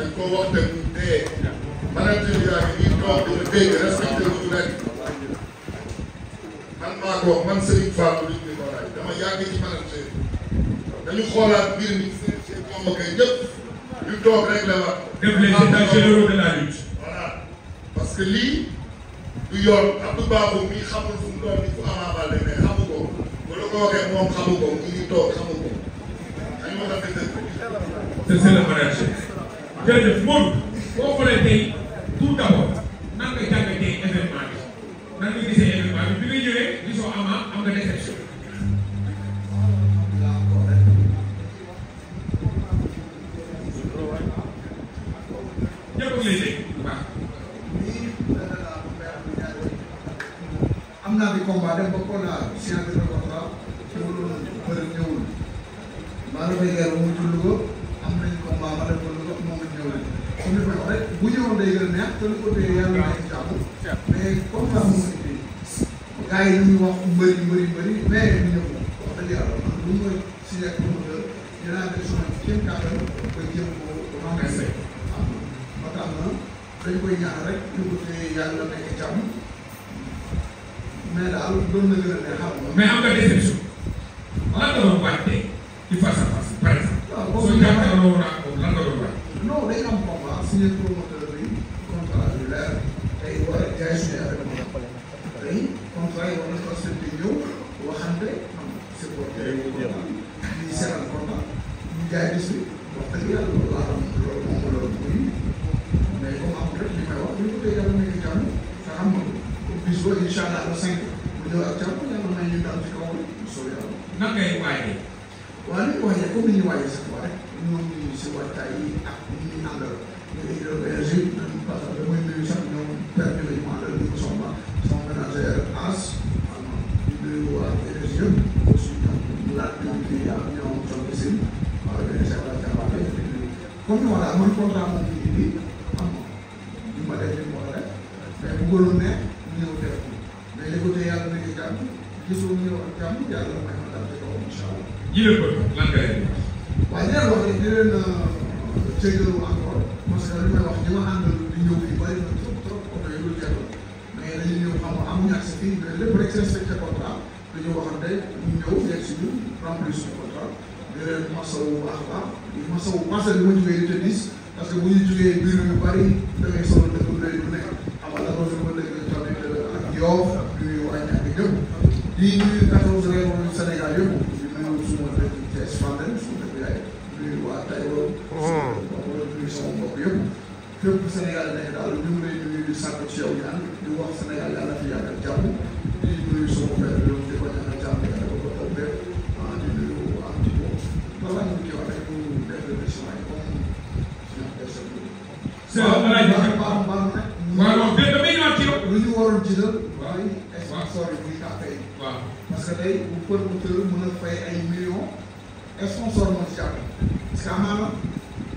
dañ koo wax te mu dee manager yaa ngi di la dégg respecté lu nekk man maa ko man Serigne Fallou liñ ñu ko laaj dama yàgg ci manager dañu xoolaat mbir mi seen seen kooku kay ñëpp ñu toog rek la wax. def les états généraux de la lutte. voilà parce que lii du yoon Abdou Babou mi xamul fu mu doon ni fu Ama Baldé mais xamu ko bu la ko waxee moom xamu ko ñu ngi toog xamu ko jërëjëf Modou boo xoolee tey tout d'abord nan nga jàngatee événement bi nan nga gisee événement bi bi nga ñëwee gisoo ama am nga déception. jërëjëf léegi waaw. am naa bi combat dem ba Kola si ànd ak Kola. ci wàllu mbër ñëwul. maa ngi lay leer mu tudd ko. comme li ma rek bu ñëwoon day gën a neex te lu ko téye yàlla na ci jàpp mais comme ça moom la ñu gars yi ñu wax mbëri mbëri mbëri mais ñu ñëw wax dëgg yàlla man lu ma si nekk promoteur dinaa def sama kéem kàttan ba jéem ko remplacé waaw ba tax na dañ koy ñaan rek lu ko téye yàlla na ci jàpp mais daal doon na gën a neex xam nga. mais am nga déception. lan nga doon wàññi di face à face par exemple. waaw boobu ñu foofu dañu am moment signé promoteur bi contrat bi leer tey war a jaay suñu affaire bi tey contrat yi war na ko seen di ñëw waxante am supporter yi contrat ñuy seeral contrat ñu jaay bis bi wax dëgg yàlla loolu laa xam loolu moom loolu muy mais comme am rek li may wax ñu ko tey yàlla may ñu jàmm te xam nga bis ba incha allah le cinq bu ñëw ak jàmm yàlla may ñu dal ci kaw soo yàlla. nan ngay waajee. waaye comme ni ñu waayee sax waaye ñoom ñu si waxtaan yi ak ñi ñu àndal ñu ngi doon voyagé même parce que damay nuyu sax ñoom perte la ñu àndal ñu ko somba sama ménagère as di nuyu waa RSG aussi ñoom laaj ñoom kii ak ñoom John Bessin waa RSG waa Jabaate di nuyu comme voilà man programme bi ñu indi xam nga ñu ma lay leen wax rek mais bu gënoon ne ñëw def mais li ko tee yàlla nekk jàmm gisoo ñëw ak jàmm yàlla may ma dal ci kaw incha allah jëlee ko lan nga leen waaye di leen euh, wax ni di leen jégalu encore parce que li may wax ñi ma àndal di ñëw fii bari na trop trop oto yi dul teewul mais dañuy ñëw xam nga amuñu accès fii mais lépp rek seen secteur contrat dañoo waxante ñu ñëw yegg si ñun remplir suñu contrat di leen masawu baax a baax di masawu passé li ma jugee di tennis parce que bu ñu jugee biir yu bari da ngay soxla dëkk bu nekk am na la ko fi mën a ak Sénégal nekk daal ñu ngi lay nuyu di sàkku ci yow ñaan di wax Sénégal yàlla fi yàggal jàmm di nuyu sama frère bi di ko ñaanal jàmm yàlla ko ko toog bépp ah di nuyu am ci moom balaa ñu kii waxee pour def remerciement yi comme suñu personne bi. c'est vrai balaa ñu ko baax baax nag. waaw non mais damay ñëwaat ci yow. lu ñu waroon jiital. waaw mooy sponsor yi muy café yi. waaw parce que tey bu promoteur mën a fay ay millions sponsor mën ci jàpp parce que amaana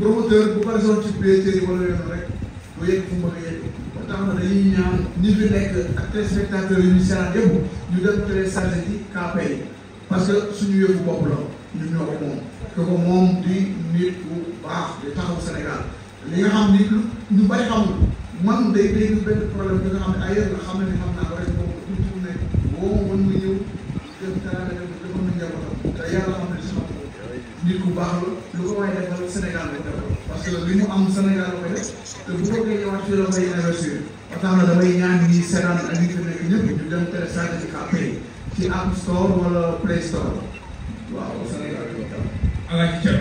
promoteur bu bëri zone ci biir wala yoon rek. ba yegg fu mu bëgg a yegg ba tax na dañuy ñaan ñi fi nekk ak téléspectateurs yi ñu seetaan yëpp ñu dem téléchargé ci KPA yi parce que suñu yëfu bopp la ñun ñoo ko moom te ko moom di nit bu baax di taxaw Sénégal li nga xam ni ñu bari xamul man day day benn problème bi nga xam ne ailleurs la xam ne ni xam naa ko rek boobu duñ tourné woo mën nga ñëw dem teraanga dem defal na njabootam te yàlla nit ku baax la lu ko may defal Sénégal lañ def parce que li mu am Sénégal la koy def te bu bëggee ñëwaat fii la koy investir ba tax na damay ñaan ñi seetaan ak ñi fi nekk ñëpp dem télécharger ci app yi ci App Store wala Play Store waaw Sénégal lañ def. Alaaji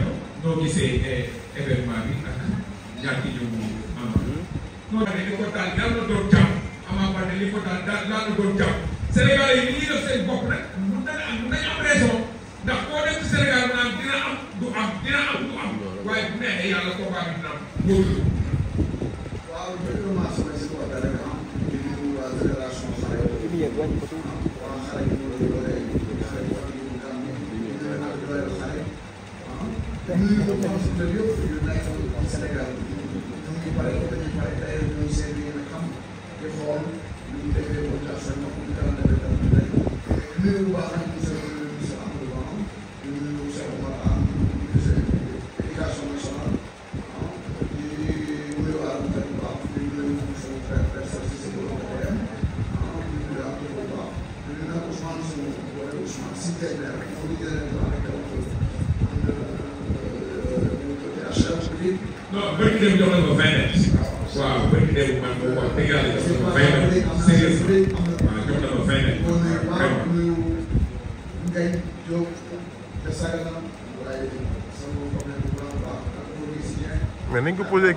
noo gisee eh, événement bi ak ñàkk ñëw Amadou. non non li ko daal daal la doon jàpp Ama Baldé li ko daal daal la doon jàpp ne yàlla combat bi dina am góorlu. waaw dëgg maa samay supporter rek ah. di nuyu waa fédération xale yi. waa xale yi ñoo yore xale yi ñu ngi am ñu ngi leen a doyal xale. te ñu ngi ko mos a yëpp yu cittadina organizzata anche da un No, quelli che giocano con Venex, wow, quelli che giocano con Venex, giocano con Venex, giocano nañ ko posé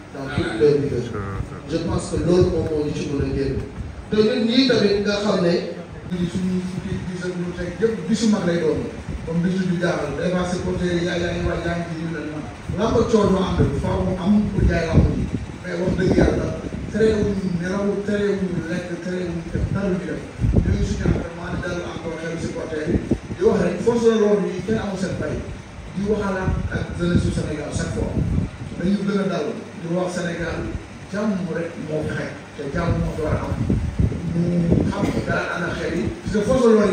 dans toute leur rigueur je pense que loolu moom moo ñu ci mën a génn te ñun ñii tamit nga xam ne ñi suñu fukki gis ak lu teg yëpp bisu mag lay doon comme bisu bi jaaxal vraiment supporter yi yaa yaa ngi waaj yaa ngi ci ñu leen man làmb coow moo am rek faaw mu am pour jaay làmb ji mais wax dëgg yàlla terewuñu nelaw terewuñu lekk terewuñu def dara ñu def ñooñu suñu entraînement di dal encore xel supporter yi di wax rek force de l'ordre yi kenn amul seen bay di waxalaat ak jeunesse su Sénégal chaque fois dañu gën a dal di wax Sénégal jàmm rek moo te jàmm moo war a am mu xam daal ana xel yi parce que force de l'ordre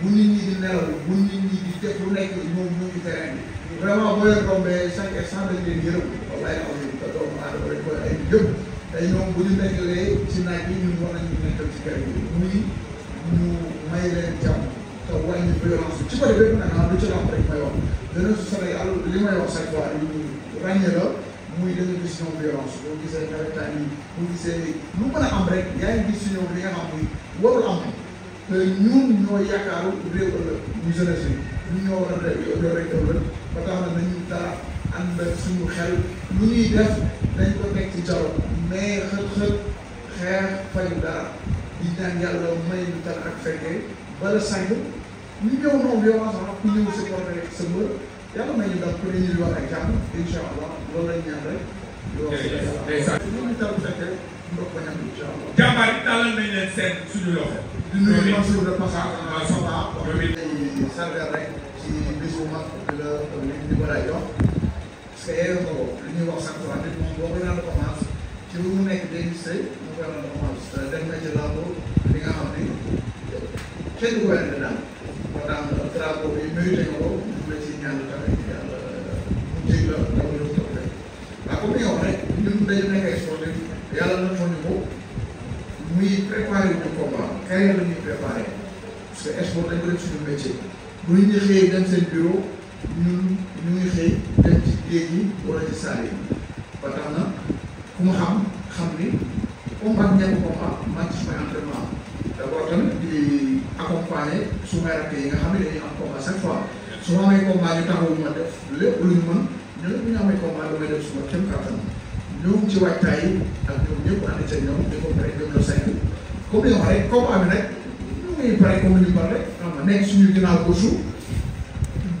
di nelaw bu nit ñi di def lu nekk ñoom ñu ngi terrain bi vraiment boo rombee chaque instant dañ leen yërëm wallaay aw yi te doomu aadama rek koy ay yëpp tey ñoom bu ñu nekkalee ci naaj bi ñun war nañu nekkal ci kër yi muy ñu may ah, rek may wax dana su li may wax chaque fois ñu ràññee muy résolution violence boo gisee nawetaan yi boo gisee lu mën a am rek yaa ngi gis si ñoom li nga xam ni warul am te ñun ñoo yaakaaru réew ëllëg ñu jeunesse yi ñu ñoo war a yore ëllëg ba tax na nañu dara ànd ak suñu xel lu ñuy def dañ ko teg ci jaro mais xët-xët xeex fayu dara di ñaan yàlla may ñu tal ak fekkee bala sàng ñu ñëw noonu violence wax ku ñëw si porte sa mbër yàlla may ñu def pour ñu ñu wax ay jàmm incha allah loolu lañ ñaan rek. jërëjëf ñu taw fekkee ndox ba ñaan incha allah. jàmbaar yi tàllal nañ leen seen suñu loxo. di nuyu Mansour de Passage. waaw ça va waaw. dañuy sargal rek ci bis bu mag la liñ ñu mën a jox. parce que yéen eh, ko li ñuy wax sant waa nit moom boo ko daan commence ci lu mu nekk day gis tey mu koy daan commence te euh, dem na ci làmb li nga xam ni kenn ku weer daal. moo tax drapeau bi mérité nga ko. waaw comme li nga wax rek ñun dañu nekk ko muy préparé ñu combat carrière la ñuy parce que sport dañ ko def suñu métier bu ñu xëyee dem seen bureau ñun ñu xëy dem ci géej gi wala ci saal yi ba tax na ku ma xam xam ni combat ñàkk combat man ci sumay entraînement d'abord tamit di accompagner sumay rakk yi nga xam ne dañuy am combat chaque fois. su ma amee combat ñu taxaw ma def lépp lu ñu mën ñu ne bu ñu amee combat damay def suma kéem kattan ñëw ci waajtaay yi ak ñoom ñoom ñu ko pare ñoom ñoo saytu comme li nga xam ne combat bi nag ñu ngi pare comme ni ñu pare xam nekk suñu ginnaaw ko suuf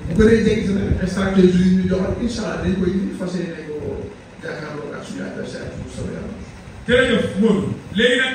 bu ko dee jéggi sa stratégie yi ñu joxal incha allah dañ koy fas yéene ko jàkkaarloo ak suñu adversaire bu soobee yàlla. jërëjëf Modou léegi nag.